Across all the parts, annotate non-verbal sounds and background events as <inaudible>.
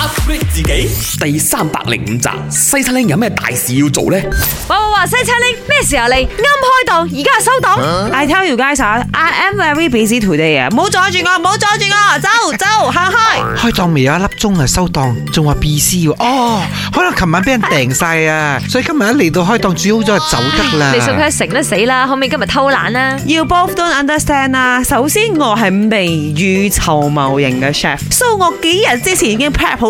update 自己，第三百零五集西叉 ling 有咩大事要做咧？我話西叉 ling 咩時候嚟？啱開檔，而家收檔。I tell you guys，I am very busy today 啊！唔好阻住我，唔好阻住我，走走下開開檔未有一粒鐘啊，收檔，仲話 busy 喎。哦，可能琴晚俾人訂晒啊，所以今日一嚟到開檔，最好就走得啦。你信佢成都死啦，可唔可以今日偷懶啊？要 both don't understand 啦。首先我係未雨綢繆型嘅 chef，so 我幾日之前已經 prep 好。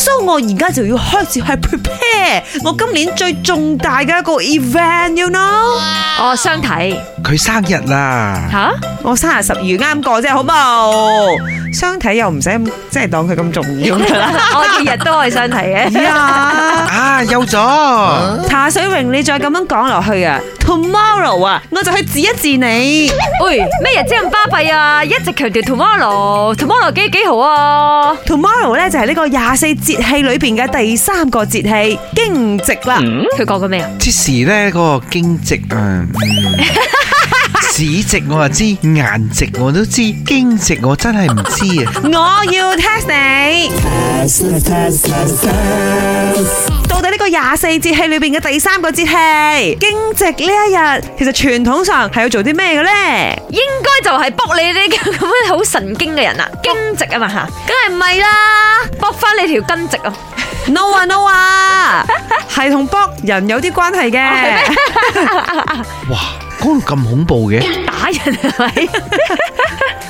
所以、so, 我而家就要開始去 prepare 我今年最重大嘅一個 event，you know？哦，相睇，佢生日啦吓，啊、我三啊十二啱過啫，好冇？相睇又唔使即係當佢咁重要 <laughs> <laughs> 我日日都可以相睇嘅呀啊有咗，啊、茶水榮你再咁樣講落去啊，tomorrow 啊，我就去治一治你，喂，咩日子咁巴閉啊？一直強調 tomorrow，tomorrow 幾幾好啊？tomorrow 咧就係、是、呢個廿四。節氣裏邊嘅第三個節氣驚蟄啦，佢講、嗯、過咩啊？即時咧，嗰、那個驚蟄啊。呃嗯 <laughs> 市值我就知，顏值我都知，驚值我真係唔知啊！ <laughs> 我要 test 你到底呢個廿四節氣裏邊嘅第三個節氣，驚值呢一日，其實傳統上係要做啲咩嘅咧？應該就係卜你呢咁好神經嘅人啊！驚值啊嘛吓，梗係唔係啦，卜翻你條根值啊！No 啊 No 啊，係同卜人有啲關係嘅。 <laughs> <laughs> 哇！嗰度咁恐怖嘅，打人係咪？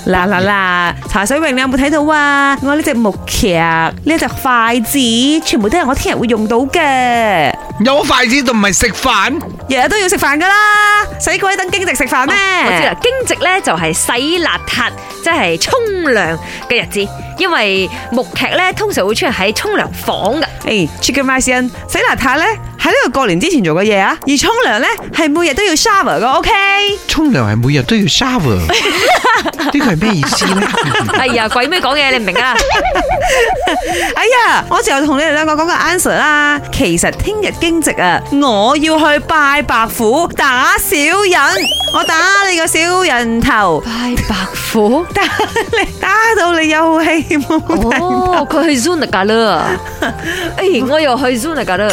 嗱嗱嗱，茶水榮你有冇睇到啊？我呢隻木屐，呢隻筷子，全部都係我聽日會用到嘅。有筷子仲唔係食飯？日日都要食飯噶啦，使鬼等驚蟄食飯咩？我知啦，驚蟄呢就係洗邋遢，即係沖涼嘅日子。因為木屐呢，通常會出嚟喺沖涼房嘅。誒 Chicken Masion 洗邋遢呢。喺呢個過年之前做嘅嘢啊！而沖涼咧，係每日都要 shower 嘅，OK？沖涼係每日都要 shower，呢個係咩意思咧？ <laughs> 哎呀，鬼咩講嘢，你唔明啊？ <laughs> 哎呀，我就同你哋兩個講個 answer 啦。其實聽日驚蟄啊，我要去拜白虎，打小人，我打你個小人頭。拜白虎，打你 <laughs> 打到你有氣冇？哦，去 zoom 個架咯，哎，我又去 zoom 個架咯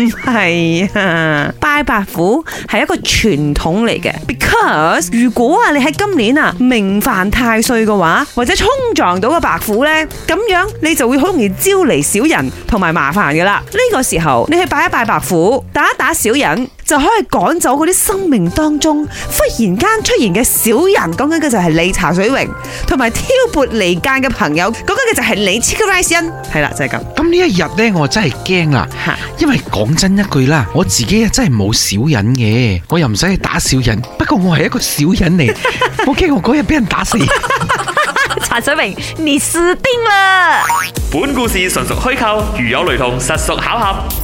唔係啊，拜白虎係一個傳統嚟嘅，because 如果啊你喺今年啊命犯太歲嘅話，或者沖撞到個白虎咧，咁樣你就會好容易招嚟小人同埋麻煩嘅啦。呢個時候你去拜一拜白虎，打一打小人。就可以趕走嗰啲生命當中忽然間出現嘅小人，講緊嘅就係你茶水榮，同埋挑撥離間嘅朋友，講緊嘅就係你 Charlesine。係啦，就係、是、咁。咁呢一日咧，我真係驚啦，因為講真一句啦，我自己啊真係冇小人嘅，我又唔使去打小人，不過我係一個小人嚟，我驚我嗰日俾人打死。 <laughs> <laughs> 茶水榮，你死定了。本故事純屬虛構，如有雷同，實屬巧合。